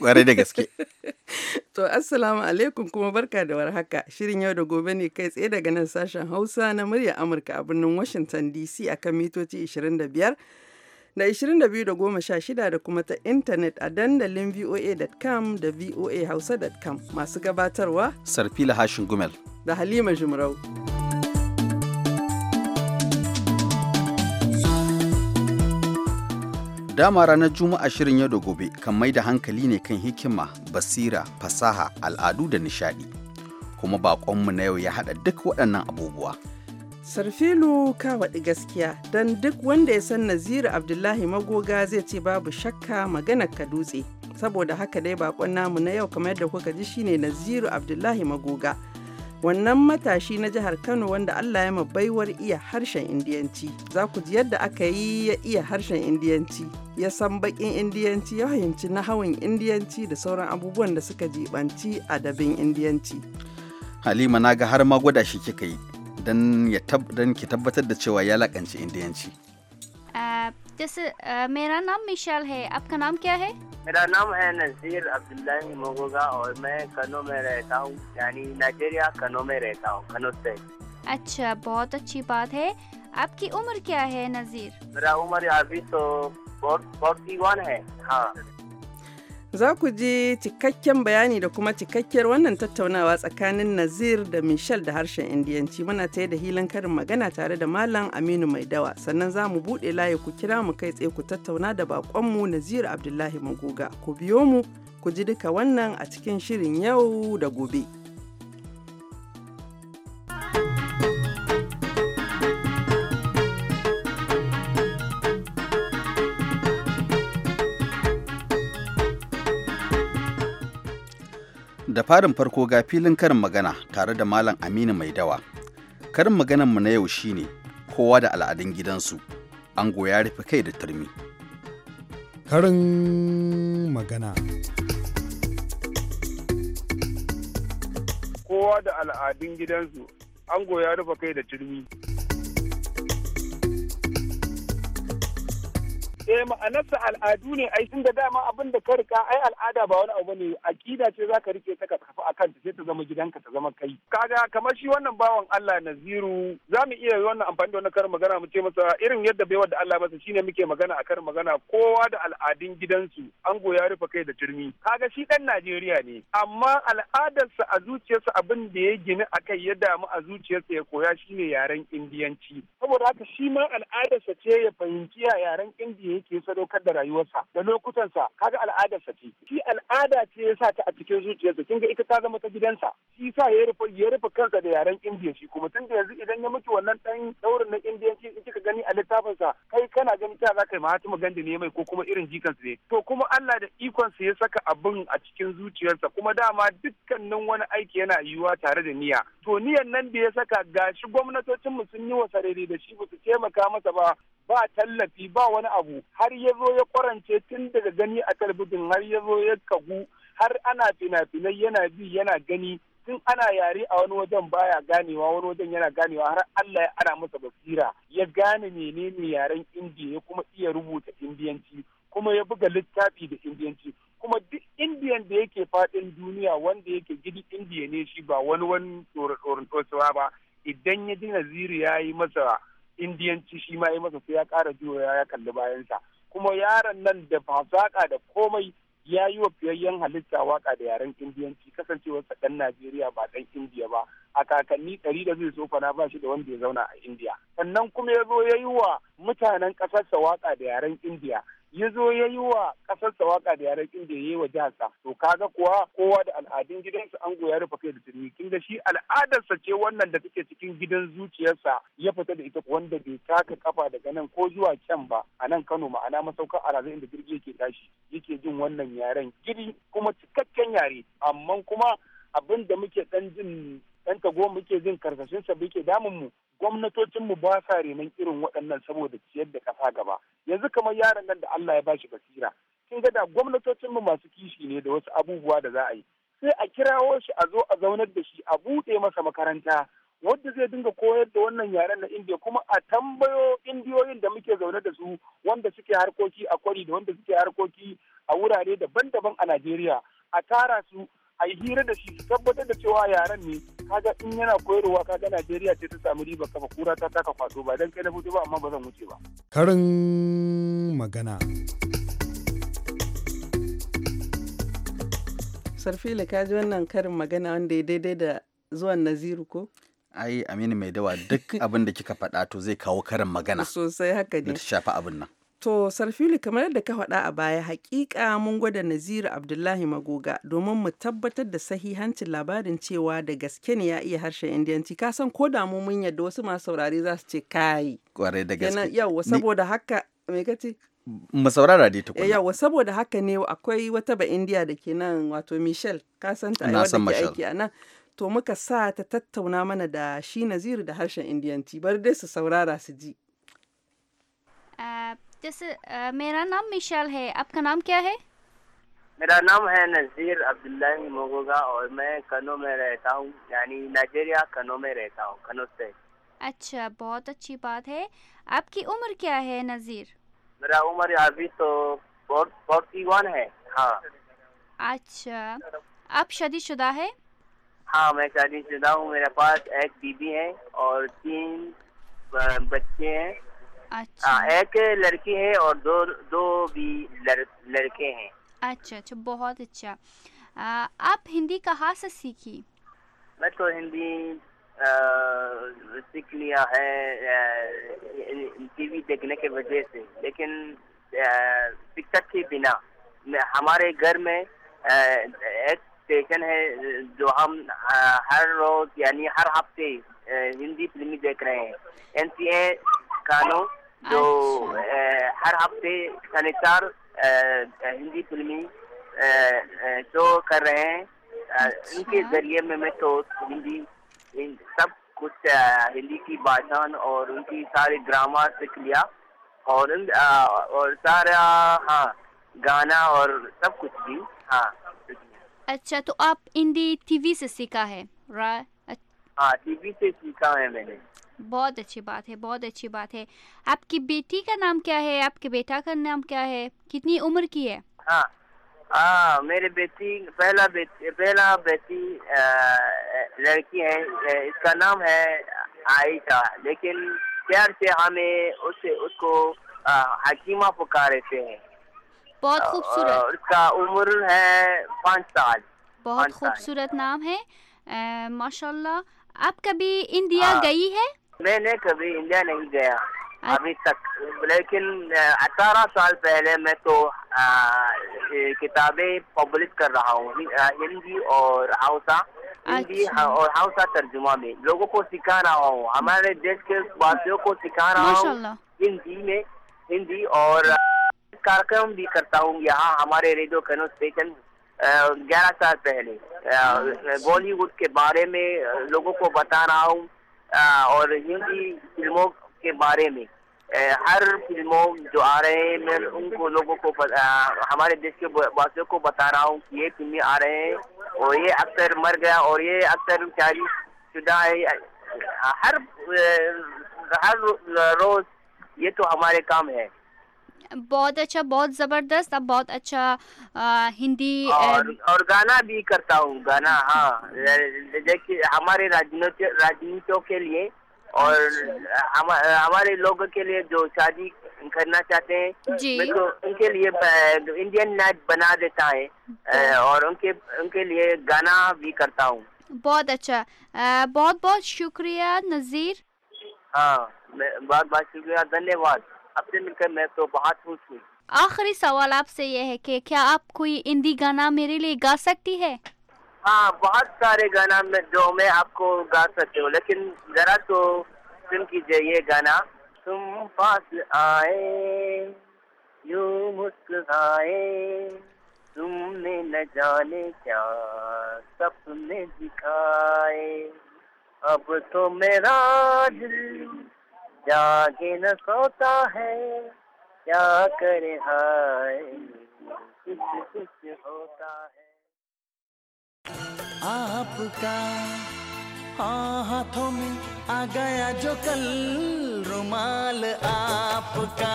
kwarai da gaske. To, Assalamu alaikum kuma barka da warhaka. Shirin yau da gobe ne kai tsaye daga nan sashen Hausa na murya Amurka a birnin Washington DC akan mitoci 25 da 22.16 da sha shida da kuma ta intanet a dandalin voa.com da voahausa.com masu gabatarwa. Sarfila Hashin Gumel. Da Halima Jumrau. dama ranar juma'a shirin yau da gobe kan mai da hankali ne kan hikima basira fasaha al'adu da nishadi kuma baƙonmu na yau ya haɗa duk waɗannan abubuwa sarfilu waɗi gaskiya don duk wanda ya san naziru abdullahi magoga zai ce babu shakka maganar ka dutse saboda haka dai baƙon namu na yau kamar yadda kuka ji shine naziru abdullahi magoga wannan matashi na jihar kano wanda allah ya baiwar iya harshen indiyanci za ku ji yadda aka yi ya iya harshen indiyanci ya san bakin indiyanci ya fahimci na hawan indiyanci da sauran abubuwan da suka jibanci adabin indiyanci halima na ga har ma gwada shi kika yi don ki tabbatar da cewa ya lakanci indiyanci ah, جیسے میرا نام مشال ہے آپ کا نام کیا ہے میرا نام ہے نذیر عبداللہ موگوگا اور میں کنو میں رہتا ہوں یعنی نائجیریا کنو میں رہتا ہوں کنو سے اچھا بہت اچھی بات ہے آپ کی عمر کیا ہے نذیر میرا عمر ابھی تو بہت ہے ہاں Za ku ji cikakken bayani da kuma cikakkiyar wannan tattaunawa tsakanin Nazir da Michel da harshen Indiyanci muna ta da hilin karin magana tare da Malam Aminu mai dawa sannan za mu buɗe layi ku kira mu kai tsaye ku tattauna da baƙonmu Nazir Abdullahi Maguga ku biyo mu ku ji duka wannan a cikin shirin yau da gobe. da farin farko ga filin karin magana tare da Malam Aminu Mai Dawa. Karin mu na yau shine kowa da al'adun gidansu, ango ya rufe kai da turmi. Karin magana. Kowa da al'adun gidansu, ango ya rufe kai da turmi. Eh ma'anarsa al'adu ne ai tun da dama abin da ka rika ai al'ada ba wani abu ne akida ce za ka rike ta ka tafi a kanta sai ta zama gidanka ta zama kai. Kaga kamar shi wannan bawan Allah Naziru za mu iya wannan amfani da wani karin magana mu ce masa irin yadda baiwa da Allah masa shine muke magana a karin magana kowa da al'adun gidansu ango ya rufe kai da turmi. Kaga shi dan Najeriya ne amma al'adarsa a zuciyarsa abin da ya gini akai kai ya damu a zuciyarsa ya koya shine yaren Indiyanci. Saboda haka shi ma al'adarsa ce ya fahimci yaren Indiya yake sadaukar da rayuwarsa da lokutansa kaga al'adarsa ce shi al'ada ce ya sa ta a cikin zuciyarsa kinga ita ta zama ta gidansa shi sa ya rufe ya rufe kansa da yaren indiya shi kuma tunda yanzu idan ya mutu wannan dan daurin na indiyanci in kika gani a littafinsa kai kana gani ta za ka yi mahatima gandi ne mai ko kuma irin jikansa ne to kuma Allah da ikonsa ya saka abin a cikin zuciyarsa kuma dama dukkanin wani aiki yana yiwuwa tare da niyya to niyan nan da ya saka gashi mu sun yi wa da shi ba su taimaka masa ba ba tallafi ba wani abu har ya zo ya kwarance tun daga gani a talabijin har ya zo ya kagu har ana fina-finai yana bi yana gani tun ana yare a wani wajen baya ganewa wani wajen yana ganewa har Allah ya ana masa basira ya gane menene yaren indiya ya kuma iya rubuta indiyanci kuma ya buga littafi da indiyanci kuma duk indiyan da yake fadin duniya wanda yake gidi indiya ne shi ba wani wani tsoron ba idan ya ji naziri ya yi masa indiyanci shi ma ya masa sai ya kara juya ya kalli bayansa kuma yaron nan da fasaƙa da komai ya yi wa fiyayyen halitta waka da yaren indiyanci kasancewarsa ɗan najeriya ba ɗan indiya ba a kakanni ɗari da zai tsofana ba shi da wanda ya zauna a indiya sannan kuma ya zo ya yi wa mutanen ƙasarsa waka da yaren indiya ya zo ya yi wa ƙasarsa waka da yaren inda ya yi wa sa to kaga kuwa kowa da al'adun gidansa ango ya rufe kai da turmi kin ga shi al'adarsa ce wannan da take cikin gidan zuciyarsa ya fita da ita wanda bai taka kafa daga nan ko zuwa can ba a nan Kano ma'ana masaukar alazai inda jirgi yake tashi yake jin wannan yaren gidi kuma cikakken yare amma kuma abin da muke dan jin ɗan goma muke jin karkashin sa muke damun mu gwamnatocin mu ba sa renon irin waɗannan saboda ciyar da ƙasa gaba yanzu kamar yaron nan da Allah ya bashi basira kin ga da gwamnatocin mu masu kishi ne da wasu abubuwa da za a yi sai a kirawo shi a zo a zaunar da shi a buɗe masa makaranta wanda zai dinga koyar da wannan yaren na indiya kuma a tambayo indiyoyin da muke zaune da su wanda suke harkoki a kwari da wanda suke harkoki a wurare daban-daban a najeriya a tara su a yi hira da shi tabbatar da cewa yaren ne kaga in yana koyarwa kaga Najeriya ce ta samu riba kafa kura ta taka kwato ba dan kai na fito ba amma ba zan wuce ba karin magana Sarfila ka ji wannan karin magana wanda ya daidai da zuwan Naziru ko ai Aminu mai dawa duk abin da kika faɗa to zai kawo karin magana sosai haka ne da ta shafi abin nan To Sarfili kamar yadda ka faɗa a baya hakika mun gwada Naziru Abdullahi Magoga domin mu tabbatar da sahihancin labarin cewa da gaske ne ya iya harshen Indiyanci ka san ko da mun yadda wasu masu saurari za su ce kai. Kwarai da gaske. Yawwa saboda haka me ce? mu saurara dai tukuna. Eh, Yawa saboda haka ne akwai wata ba indiya da ke nan wato Michelle ka san ta wadda ke aiki a nan. To muka sa ta tattauna mana da shi Naziru da harshen Indiyanci bari dai su saurara su ji. Eh, جیسے میرا نام مشال ہے آپ کا نام کیا ہے میرا نام ہے نذیر عبداللہ موگوگا اور میں کنو میں رہتا ہوں یعنی نائجیریا کنو میں رہتا ہوں کنو سے اچھا بہت اچھی بات ہے آپ کی عمر کیا ہے نذیر میرا عمر ابھی تو فورٹی ون ہے ہاں اچھا آپ شادی شدہ ہے ہاں میں شادی شدہ ہوں میرے پاس ایک بیوی ہے اور تین بچے ہیں اچھا۔ ہاں، ایک لڑکی ہے اور دو دو بھی لڑکے ہیں اچھا اچھا بہت اچھا آپ ہندی کہاں سے سیکھی میں تو ہندی سیکھ لیا ہے ٹی وی دیکھنے کے وجہ سے لیکن کے بنا ہمارے گھر میں ایک اسٹیشن ہے جو ہم ہر روز یعنی ہر ہفتے ہندی فلمیں دیکھ رہے ہیں این سی اے جو اچھا۔ ہر ہفتے سنیچر ہندی فلمی شو کر رہے ہیں ان کے اچھا۔ ذریعے میں میں تو ہندی سب کچھ ہندی کی باشان اور ان کی سارے گراما سیکھ لیا اور سارا ہاں گانا اور سب کچھ بھی ہاں اچھا تو آپ ہندی ٹی وی سے سیکھا ہے ہاں ٹی وی سے سیکھا ہے میں نے بہت اچھی بات ہے بہت اچھی بات ہے آپ کی بیٹی کا نام کیا ہے آپ کے بیٹا کا نام کیا ہے کتنی عمر کی ہے ہاں, ہاں، میرے بیٹی پہلا بیٹی لڑکی ہے اس کا نام ہے عائشہ لیکن پیار سے ہمیں اس کو حکیمہ پکارے سے ہیں بہت خوبصورت اس کا عمر ہے پانچ سال بہت خوبصورت نام ہے ماشاء اللہ آپ کبھی انڈیا ہاں۔ گئی ہے میں نے کبھی انڈیا نہیں گیا اچھا۔ ابھی تک لیکن اٹھارہ سال پہلے میں تو کتابیں پبلش کر رہا ہوں ہندی اور ہاؤسا ہندی اچھا۔ ہاں، اور ہاؤسا ترجمہ میں لوگوں کو سکھا رہا ہوں ہمارے دیش کے واسیوں کو سکھا رہا ہوں ہندی میں ہندی اور کارکرم بھی کرتا ہوں یہاں ہمارے ریڈیو اسٹیشن گیارہ سال پہلے اچھا۔ بالی ووڈ کے بارے میں لوگوں کو بتا رہا ہوں اور ہندی فلموں کے بارے میں ہر فلموں جو آ رہے ہیں میں ان کو لوگوں کو ہمارے دیش کے واسطوں کو بتا رہا ہوں کہ یہ فلمیں آ رہے ہیں اور یہ اکثر مر گیا اور یہ اکثر شدہ ہر ہر روز یہ تو ہمارے کام ہے بہت اچھا بہت زبردست اب بہت اچھا ہندی اور گانا بھی کرتا ہوں گانا ہاں ہمارے راجنیتوں کے لیے اور ہمارے لوگ کے لیے جو شادی کرنا چاہتے ہیں جی ان کے لیے انڈین نائٹ بنا دیتا ہے جی۔ اور ان کے لیے گانا بھی کرتا ہوں بہت اچھا بہت بہت شکریہ نذیر ہاں بہت بہت شکریہ دھنیہ واد اپنے مل کر میں تو بہت خوش ہوں آخری سوال آپ سے یہ ہے کہ کیا آپ کوئی ہندی گانا میرے لیے گا سکتی ہے ہاں بہت سارے گانا میں جو میں آپ کو گا سکتی ہوں لیکن ذرا تو سن کیجئے یہ گانا تم پاس آئے یوں مسکرائے تم نے نہ جانے کیا سب تم نے دکھائے اب تو میرا دل نہ سوتا ہے کیا ہائے ہوتا ہے آپ کا ہاں ہاتھوں میں آ گیا جو کل رومال آپ کا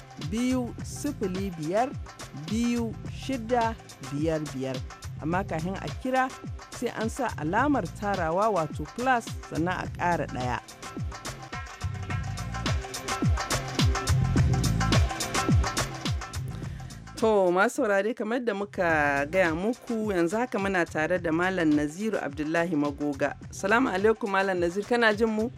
biyu sifili biyar biyu shida biyar biyar amma kafin a kira sai an sa alamar tarawa wato plus sannan a ƙara ɗaya. To masu saurare kamar da muka gaya muku yanzu haka muna tare da Malam Naziru Abdullahi Magoga. Salamu alaikum Malam naziru kana jin mu?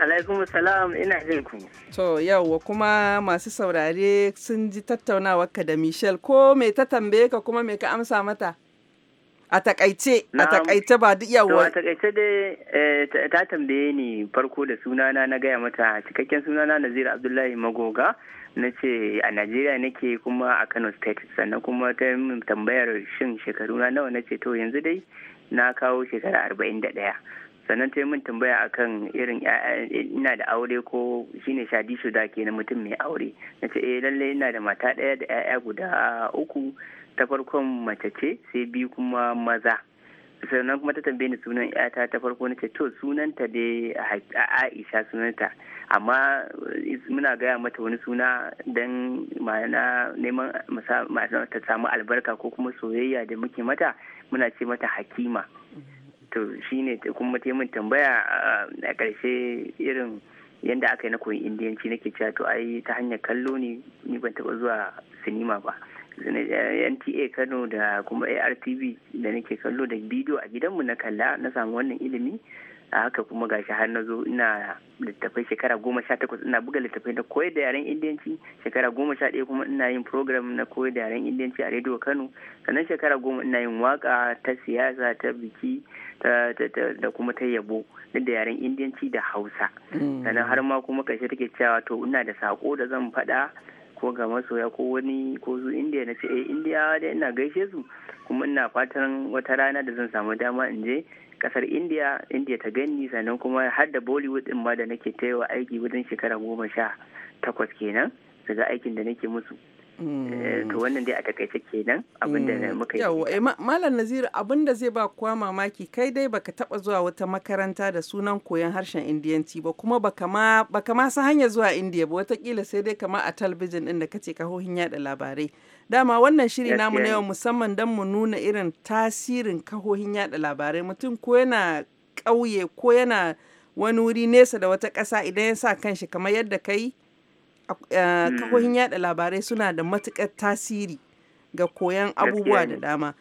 alaikum salam ina jin to yawwa kuma masu saurare sun ji tattaunawar ka da michelle ko me ta tambaye ka kuma me ka amsa mata a takaice a takaice ba duk yawa a takaice dai eh, ta tambaye ni farko da sunana na gaya mata cikakken sunana nazir abdullahi magoga na ce a najeriya nake kuma a kano state sannan kuma ta tambayar shin shekaru na nawa na ce to yanzu dai na kawo shekara arba'in da ɗaya sannan ta yi min tambaya akan irin ina da aure ko shine shadi shuda ke na mutum mai aure na ce eh lallai ina da mata ɗaya da 'ya'ya guda uku ta farkon mace ce sai biyu kuma maza sannan kuma ta tambaye ni sunan yata ta farko na ce to sunanta dai aisha sunanta amma muna gaya mata wani suna don ma'ana neman ta samu albarka ko kuma soyayya da muke mata muna ce mata hakima to shi ne kuma taimun tambaya ah, a ƙarshe irin yadda aka yi na koyi indiyanci nake cewa to ai ta hanyar kallo ne ni ban taɓa zuwa sinima ba nta eh, kano da kuma artv da nake kallo da bidiyo a gidanmu na kalla na samu wannan ilimi a haka kuma gashi har na zo ina littafai shekara goma sha takwas ina buga littafai na koyar da yaren indiyanci shekara goma sha ɗaya kuma ina yin program na koyar da yaren indiyanci a rediyo kano sannan shekara goma ina yin waka ta siyasa ta biki da kuma ta yabo da yaren indiyanci da hausa mm. sannan har ma kuma kashe take cewa to ina da sako da zan faɗa ko ga masoya ko wani ko su indiya na ce eh indiyawa dai ina gaishe su kuma ina fatan wata rana da zan samu dama in je kasar india india ta gani sannan kuma har da bollywood din ma da nake ta aiki wajen shekara goma sha takwas kenan su ga aikin da nake musu eh, to wannan dai a takaice kenan abin da mm. muka yi eh, malam nazir abin da zai ba kuwa mamaki kai dai baka taba zuwa wata makaranta da sunan koyon harshen indiyanci ba kuma baka ma sa hanya zuwa indiya ba watakila sai dai kama a talbijin din da kace kahohin yada labarai Dama wannan shiri namu na yau musamman don mu nuna irin tasirin kahohin yada labarai mutum ko yana kauye ko yana wani wuri nesa da wata ƙasa idan ya sa kanshi kamar yadda ka yi eh, hmm. kahohin yada labarai suna da matuƙar tasiri ga koyan abubuwa da dama.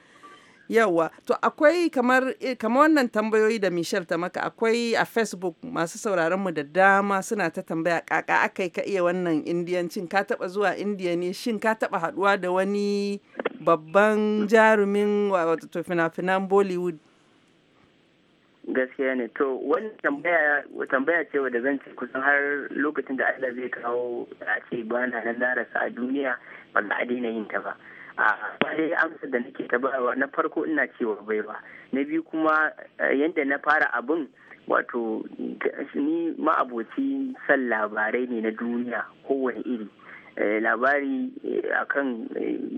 yawa to akwai kamar eh, kama wannan tambayoyi da Michelle ta maka akwai a Facebook masu sauraron mu da dama suna ta tambaya kaka akai ka iya wannan indiyancin ka taba zuwa indiya ne shin ka taba haduwa da wani babban jarumin wato fina-finan Bollywood gaskiya ne to wani tambaya tambaya ce wadda zan ce kusan har lokacin da Allah zai kawo a ce ba na nan darasa a duniya ba za a daina yin ta ba 'a dai amsa da nake ta bawa na farko ina cewa bai ba na biyu kuma eh, yadda na fara abin wato ni ma'aboci san labarai ne na duniya kowane iri eh, labari eh, akan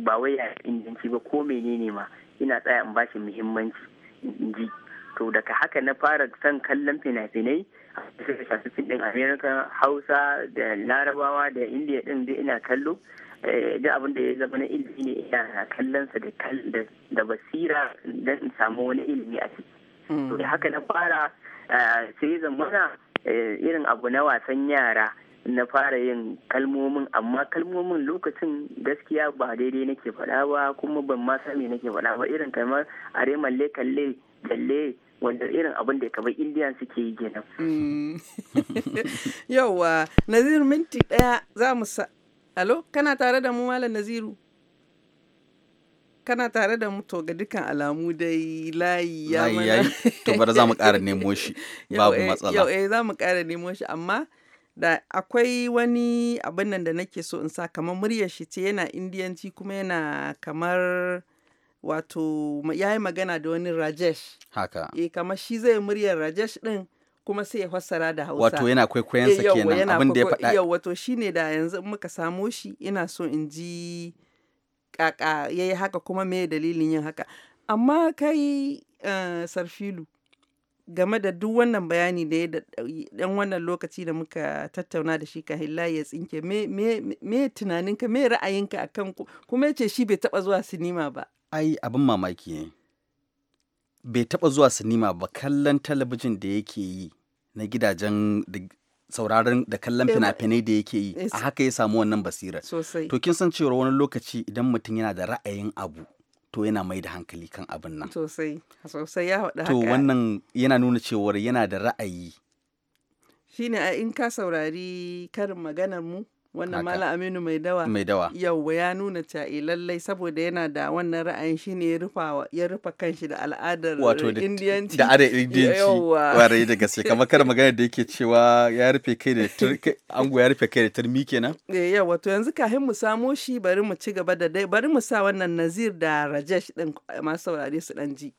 ba wai a inganci ba ko menene ma ina tsaya in bashi muhimmanci in ji to daga haka na fara son kallon fina-finai a shafi ɗin amerika hausa da larabawa da indiya ɗin da ina kallo Eh, da abin da ya zama na ilimi ne ina kallon sa da basira don in samu wani ilimi a ciki hmm. to da haka na fara eh, sai zamana eh, irin abu na wasan yara na fara yin kalmomin amma kalmomin lokacin gaskiya ba daidai nake faɗa ba kuma ban ma sami nake faɗa ba irin kamar are malle kalle jalle wanda irin abin da kamar indiya suke yi kenan hmm. yawwa nazir minti ɗaya za mu Alo, kana tare da mu Malam Naziru? Kana tare da mu to ga dukkan alamu dai layi ya mana. Layi to bari za mu ƙara nemo shi, babu eh, matsala. Yau eh za mu ƙara nemo shi, amma da akwai wani abin nan da nake so in sa kamar muryar shi ce yana indiyanci kuma yana kamar wato ya yi magana da wani Rajesh. Haka. Eh kamar shi zai muryar Rajesh ɗin kuma sai ya fassara da hausa wato yana kwaikwayon sa eh, kenan abin da ya faɗa yawa wato shine da yanzu in muka samo shi ina so in ji kaka yayi haka kuma me dalilin yin haka amma kai uh, sarfilu game da duk wannan bayani da ya dan wannan lokaci da muka tattauna da shi ka hila ya tsinke me, me, me tunaninka me ra'ayinka akan kuma yace shi bai taɓa zuwa sinima ba ai abin mamaki ne bai taɓa zuwa sinima ba kallon talabijin da yake yi na gidajen sauraron da kallon fina-finai da yake yi a haka ya samu wannan basira to kin san cewa wani lokaci idan mutum yana da ra'ayin abu to yana mai da hankali kan abin nan to wannan yana nuna cewar yana da ra'ayi shine in ka saurari karin maganar mu wannan mala aminu mai dawa mai dawa yawwa ya nuna ca'i eh, lallai saboda yana da wannan ra'ayin shi ne ya rufa kanshi da al'adar indiyanci da adar indiyanci warai da gaske kamar kar magana da yake cewa ya rufe kai da ango ya rufe kai da turmi kenan eh yawa yanzu kafin mu samo shi bari mu ci gaba da dai bari mu sa wannan nazir da rajesh din masu saurare su dan ji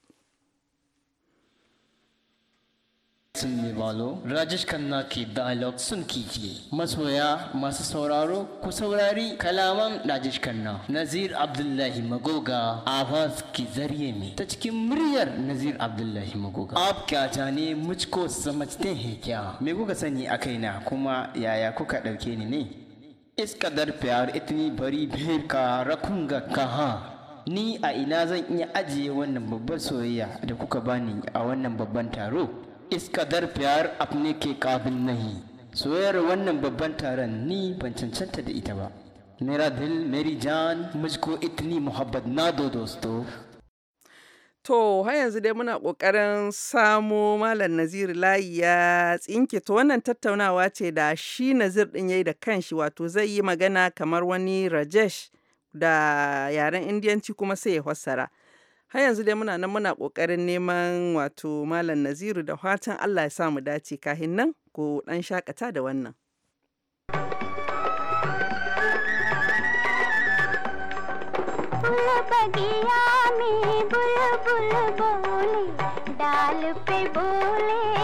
सुनने वालों राजेश खन्ना की डायलॉग सुन कीजिए masoya masu sauraro ku saurari kalaman rajesh Khanna nazir abdullahi magoga आवाज के जरिए में ta cikin muryar nazir abdullahi magoga आप क्या जाने मुझको समझते हैं क्या me kuka sani a kaina kuma yaya kuka ɗauke ni ne इस कदर प्यार इतनी बड़ी भीड़ का रखूंगा कहाँ ni a ina zan iya ajiye wannan babbar soyayya da kuka bani a wannan babban taro iskadar fiyar abne ke kafin nahi soyayyar wannan babban taron ni ban cancanta da ita ba मेरा दिल मेरी जान मुझको इतनी मोहब्बत ना दो दोस्तों To, har yanzu dai muna ƙoƙarin samo Malam Nazir layi ya tsinke to wannan tattaunawa ce da shi Nazir ɗin ya yi da kanshi wato zai yi magana kamar wani Rajesh da yaren Indiyanci kuma sai ya fassara. har yanzu dai muna nan muna kokarin neman wato malam naziru da fatan allah ya sa mu dace kahin nan ko dan shakata da wannan बगिया में बुलबुल बोले डाल पे बोले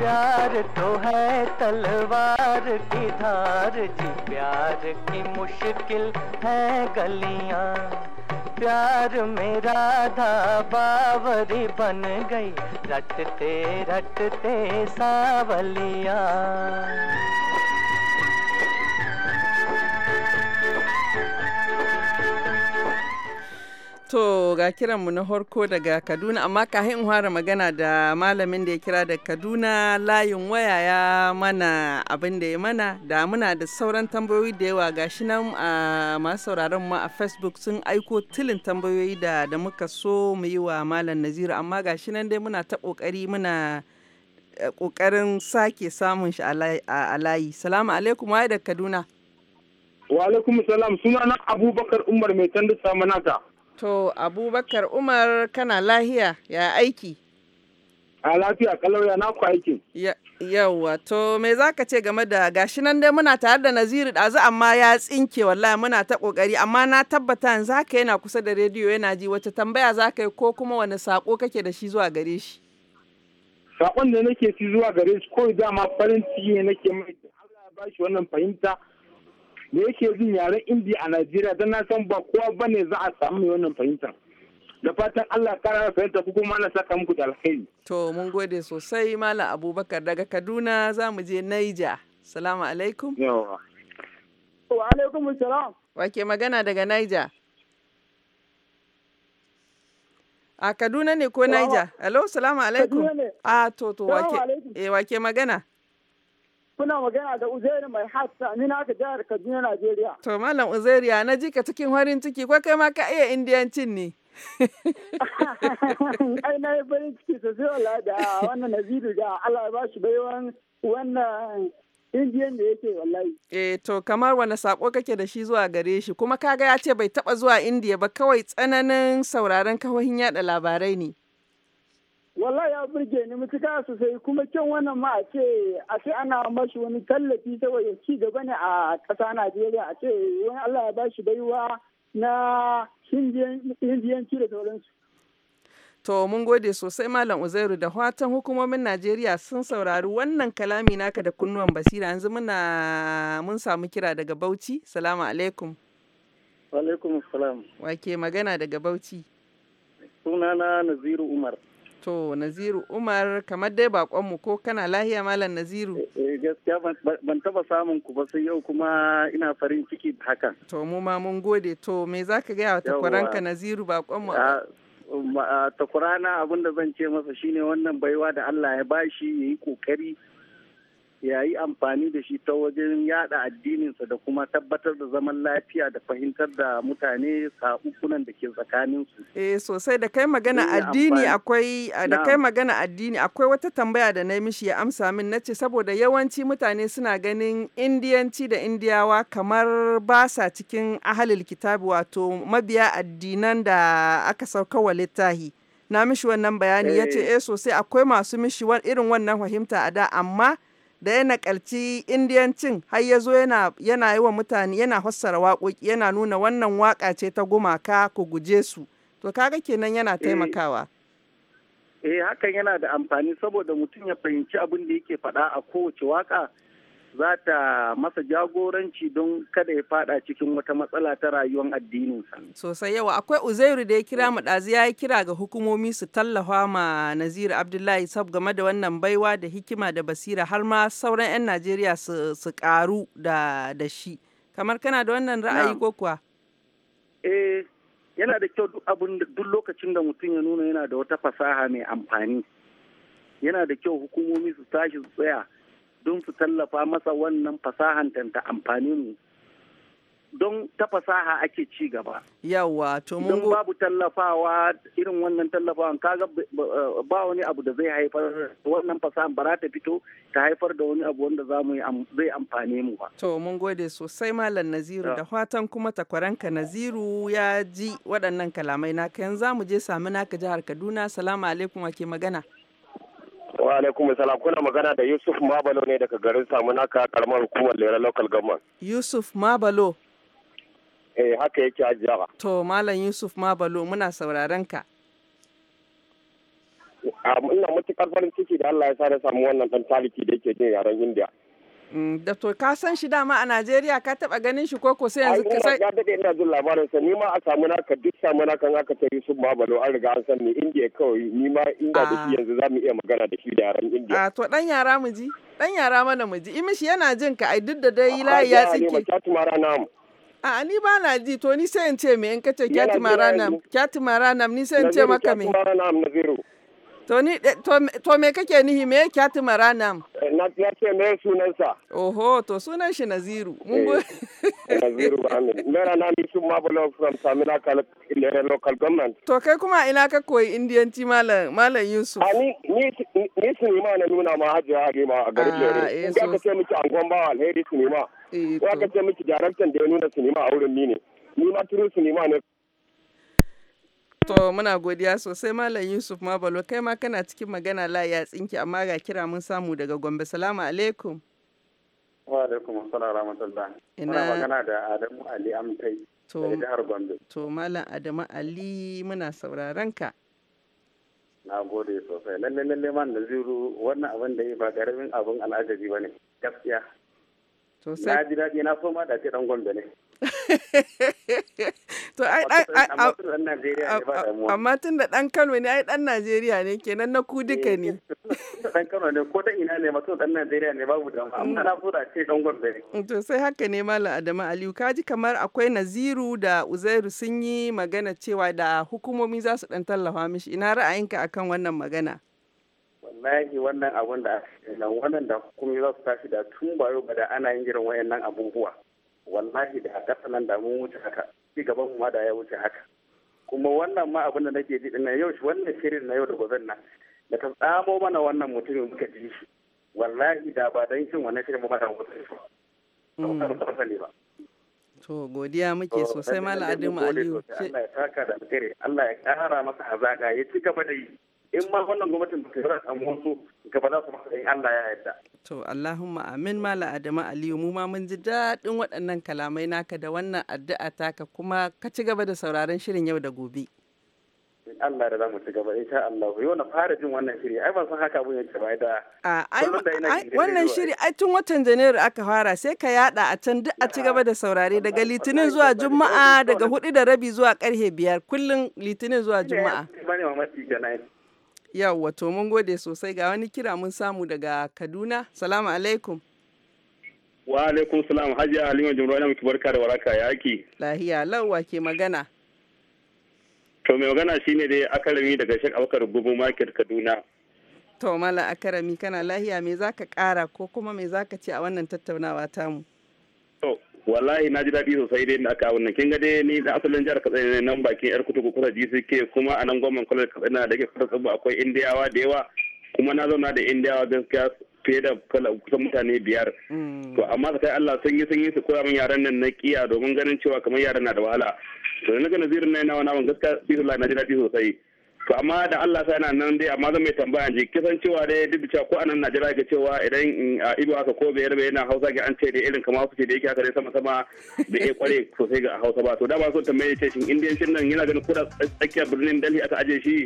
پیار تو ہے تلوار کی دھار جی پیار کی مشکل ہے گلیاں پیار میرا دھا باوری بن گئی رٹتے رٹتے ساولیاں To ga kiranmu na harko daga Kaduna amma kahin in fara magana da malamin da ya kira da Kaduna layin waya ya mana abin da ya mana da muna da sauran tambayoyi da yawa gashi nan a masu sauraron a Facebook sun aiko tilin tambayoyi da da muka so mu yi wa malam Naziru amma gashi nan dai muna ta kokari muna kokarin eh, sake samun shi a layi. Salamu alaikum waye da Kaduna. Wa alaikum salam sunana Abubakar Umar mai canza manata. To Abubakar Umar kana lahiya ya aiki? A lafiya kalau ya naku aikin. Yawwa to me za ka ce game da gashi nan dai muna tare da Naziru ɗazu amma ya tsinke wallahi muna ta ƙoƙari amma na tabbata yanzu haka yana kusa da rediyo yana ji wata tambaya za ka yi ko kuma wani sako kake da shi zuwa gare shi. Saƙon da nake shi zuwa gare shi ko ma farin ciki nake mai Allah ya bashi wannan fahimta da yake jin yaren indiya a najeriya don na san ba kowa ba ne za a samu wannan fahimtar da fatan allah kara fahimta ko kuma na saka muku da alheri to mun gode sosai malam abubakar daga kaduna za mu je naija salamu alaikum yawa wa alaikum salam wake magana daga naija a kaduna ne ko naija hello salamu alaikum a ah, to to wa ke eh, wake magana kuna magana da Uzairi mai hassa na ka jihar Kaduna Najeriya. To Malam Uzeri na ji ka cikin farin ciki ko kai ma ka iya Indiyancin ne. Ai na yi farin ciki sosai wala da wannan Naziru da Allah ba shi baiwan wannan Indiyan da yake wallahi. Eh to kamar wani sako kake da shi zuwa gare shi kuma kaga ya ce bai taba zuwa Indiya ba kawai tsananin sauraron kawahin yada labarai ne. wallahi ya burge ni mutuka sosai kuma kyan wannan ma a ce a ce ana mashi wani tallafi saboda ci gaba ne a ƙasa Najeriya a ce wani Allah ya bashi baiwa na hindiyanci da sauransu. To mun gode sosai Malam Uzairu da watan hukumomin Najeriya sun saurari wannan kalami naka da kunnuwan basira yanzu muna mun samu kira daga Bauchi. Salamu alaikum. Wa alaikum salam. Wake magana daga Bauchi. Sunana Naziru Umar. To Naziru Umar kamar dai bakonmu ko kana lahiya Malam Naziru? Eh, eh, gaskiya ban taba samun ku ba sai yau kuma ina farin ciki haka hakan. To mu ma mun gode to me za ka gaya wa takwaranka Naziru bakonmu? Um, takwarana abinda zan ce masa shine wannan baiwa da Allah ya bashi ya yi kokari. ya yi amfani da shi ta wajen yada addininsa da kuma tabbatar da zaman lafiya da fahimtar da mutane hukunan da ke tsakaninsu. Eh sosai da kai magana addini akwai da kai magana addini akwai wata tambaya da na mishi ya amsa min nace saboda yawanci mutane suna ganin indiyanci da indiyawa kamar ba sa cikin ahalil kitabi wato mabiya addinan da aka saukawa littahi. Na mishi wannan bayani ya ce eh, eh sosai akwai masu mishi irin wannan fahimta a da amma da ya nakalci indiyancin har ya zo yana, yi wa mutane yana hassara waƙoƙi yana nuna wannan waƙa ce ta gumaka ku guje su to kaga kenan yana eh. taimakawa eh hakan yana da amfani saboda mutum ya fahimci abin da yake faɗa a kowace waƙa za ta masa jagoranci don kada ya fada cikin wata matsala ta rayuwar addininsa. Sosai yawa akwai Uzairu da ya kira mu ɗazu ya yi kira ga hukumomi su tallafa ma naziru Abdullahi sab game da wannan baiwa da hikima da basira har ma sauran 'yan Najeriya su karu da, da shi. Kamar kana da wannan ra'ayi ko kuwa? Eh, yana da kyau duk abin duk lokacin da mutum ya nuna yana da wata fasaha mai amfani. Yana da kyau hukumomi su tashi su tsaya. don su tallafa masa wannan fasahan ta amfani mu don ta fasaha ake ci gaba yawa to mun don babu tallafawa irin wannan tallafawan kaga ba wani abu da zai haifar wannan fasahan ba ta fito ta haifar da wani abu wanda zamu yi zai amfane mu ba to mun gode sosai malam Naziru da fatan kuma takwaranka Naziru ya ji waɗannan kalamai naka yanzu zamu je samu naka jihar Kaduna salamu alaikum wake magana Wa alaikum salam kuna magana da Yusuf Mabalo ne daga garin Samunaka karamar hukumar Lera Local Government. Yusuf Mabalo. Eh haka yake ajiyawa. To Malam Yusuf Mabalo muna sauraron ka. Ina matukar farin ciki da Allah ya sa da samu wannan ɗan taliki da yake jin yaren India. Mm, da to ka san shi dama a Najeriya ka taba ganin shi koko sai yanzu ka sai ya dade ina jin labarin sa ni ma a samu naka duk samu naka kan aka tare su ma balo an riga an san ni inda kawai ni ma inda da shi ah. yanzu zamu iya magana da shi da yaran inda a ah, to dan yara mu ji dan yara mana mu ji imishi yana jin ka ai duk da dai layi ya tsike a ah, ni ba na ji to ni sai in ce me in kace kyatuma ranam kyatuma ranam ni sai in ce maka me kyati na zero Eh, to me kake nihi me yake hati maranam? Eh, na ya ce me sunansa. Oho to sunan shi Naziru. Mun eh, go. Naziru Ahmed. Mera na ni sun Mabalo from Samina local government. To kai kuma ina ka koyi Indiyanci malam malam Yusuf. Ani ni ni sinima na nuna ma hajiya Halima a garin Lere. Ya ka ce miki angon ba alheri sinima. Ya ka ce miki jarabtan da ya nuna sinima a wurin ni ne. Ni ma turu sinima ne. To muna godiya sosai Malam Yusuf balo kai ma kana cikin magana la ya tsinki amma ga kira mun samu daga Gombe. Salamu alaikum. Wa alaikum assalam rahmatullah. Ina magana da Adamu Ali Amtai. To jihar Gombe. To Malam Adamu Ali muna sauraron ka. Na gode sosai. Lalle lalle man naziru wannan abin da ya ba karamin abin al'ajabi bane. Gaskiya. na ji daɗi na so ma da ce dan gombe ne to ai amma tun da dan Kano ne ai dan Najeriya ne kenan na ku duka ne eh, dan Kano ne ko ta ina ne mutum dan Najeriya ne babu da amma mm. na so da ce dan Gombe ne to sai haka ne Malam Adamu Aliyu kaji kamar akwai Naziru da Uzairu sun yi magana cewa da hukumomi za su dan tallafa mishi ina ra'ayinka akan wannan magana wallahi wannan abun da a wannan da hukumi za su tashi da tun bayo ba da ana yin irin wayannan abubuwa wallahi da a nan da mun wuce haka ci gaban mu da ya wuce haka kuma wannan ma abin da nake ji din yau shi wannan shirin na yau da gobe nan da ta tsamo mana wannan mutumin muka ji shi wallahi da ba dan shin wannan shirin ba da wuce shi ba To godiya muke sosai Malam Adamu Aliyu. Allah ya taka da alheri, Allah ya kara masa hazaka ya ci gaba da yi. in ma wannan gwamnatin ba ta yi samu wasu gaba za su masa in Allah ya yarda. To Allahumma amin mala Adamu Aliyu mu ma mun ji daɗin waɗannan kalamai naka da wannan addu'a taka kuma ka ci gaba da sauraron shirin yau da gobe. Allah da za mu ci gaba insha Allah yau na fara jin wannan shiri ai ban san haka abun yake ba da wannan shiri ai tun watan Janairu aka fara sai ka yada a can duk a ci gaba da saurare daga litinin zuwa juma'a daga hudu da rabi zuwa karhe biyar kullum litinin zuwa juma'a Yawwa wato mun gode sosai ga wani kira mun samu daga Kaduna. Salamu alaikum. Wa alaikum salam Hajiya Halima Jumro ina miki barka da waraka ya ake. Lahiya lauwa ke magana. To mai magana shine dai akarami daga shek Abubakar Gubu Market Kaduna. To mala akarami kana lahiya me zaka kara ko kuma me zaka ce a wannan tattaunawa tamu? wallahi na ji daɗi sosai dai a aka abin nan kin dai ni da asalin jihar katsina ne nan bakin yar ko kusa gck kuma a nan gwamnan kwalar katsina da ke kusa tsubu akwai indiyawa da yawa kuma na zauna da indiyawa gaskiya fiye da kusan mutane biyar mm. to amma ka kai allah sun yi sun yi su koya min yaran nan na kiya domin ganin cewa kamar yaran na da wahala to na ga nazirin na yana wani abin gaskiya sirri na ji daɗi sosai to amma da Allah sa yana nan dai amma zan mai tambaya ji kisan cewa dai duk da ko anan Najeriya ga cewa idan mm, a ido haka ko bai rabe yana Hausa ga an ce dai irin kamar kuke da yake haka dai sama sama bai iya kware sosai ga Hausa ba to da ba so ta tambaye ce shin indiyancin nan yana ganin ko da tsakiyar birnin Delhi aka aje shi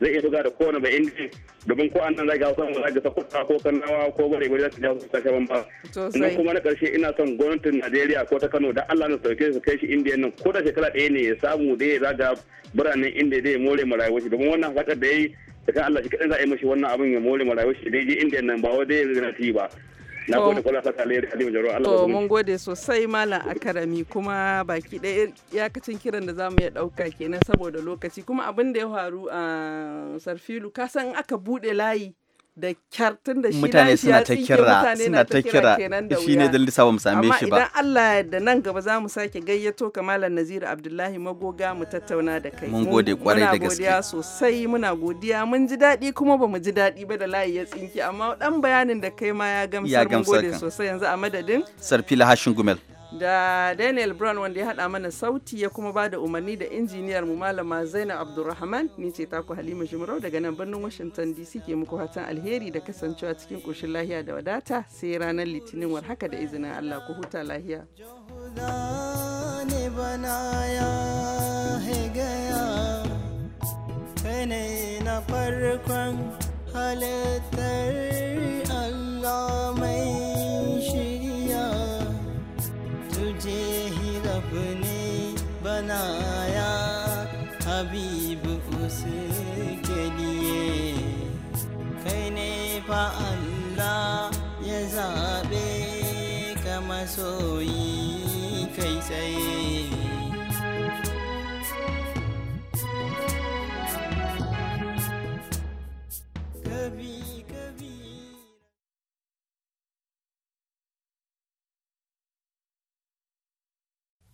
zai iya buga da kowane mai inji domin ko annan zai ga wasan zai ga kuka ko kanawa ko bare bare zai su jawo su kashe ban ba sannan kuma na karshe ina son gwamnatin Najeriya ko ta Kano da Allah na sauke su kai shi Indiya nan ko da shekara ɗaya ne ya samu da ya zaga biranen Indiya zai more mu rayuwar shi domin wannan hakar da yayi da kan Allah shi kaɗan za a yi mashi wannan abin ya more mu rayuwar shi dai je Indiya nan ba wai dai ya zira ba na alheri jaro Allah to mun gode sosai malam akarami kuma baki ɗaya iyakacin kiran da zamu iya ɗauka kenan saboda lokaci kuma abin da ya faru a sarfilu kasan san aka bude layi da kyar tun da shi mutane suna ta kira suna ta kira shine dalilin sa mu same shi ba amma idan Allah ya yarda nan gaba za mu sake gayyato Kamalan naziru Abdullahi Magoga mu tattauna da kai mun gode kwarai da gaske muna godiya sosai muna godiya mun ji daɗi kuma ba mu ji daɗi ba da layi ya tsinki amma dan bayanin da kai ma ya gamsar mun gode sosai yanzu a madadin Sarfila Hashin Gumel da daniel brown wanda ya hada mana sauti ya kuma ba da umarni da injiniyar mu malama zainab abdulrahman ni ce taku halima jimarau daga nan birnin washington dc ke muku fatan alheri da kasancewa cikin koshin lahiya da wadata sai ranar litinin war haka da izinin allah ku huta lahiya Allah mai آیا حبیب اس کے لیے کہنے پا پندہ یزاد کا مسوئی کیسے